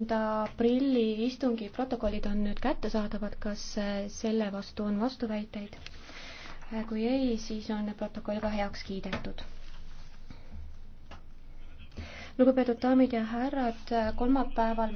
kümnenda aprilli istungi protokollid on nüüd kättesaadavad, kas äh, selle vastu on vastuväiteid? Äh, kui ei, siis on protokoll ka heaks kiidetud. lugupeetud daamid ja härrad, kolmapäeval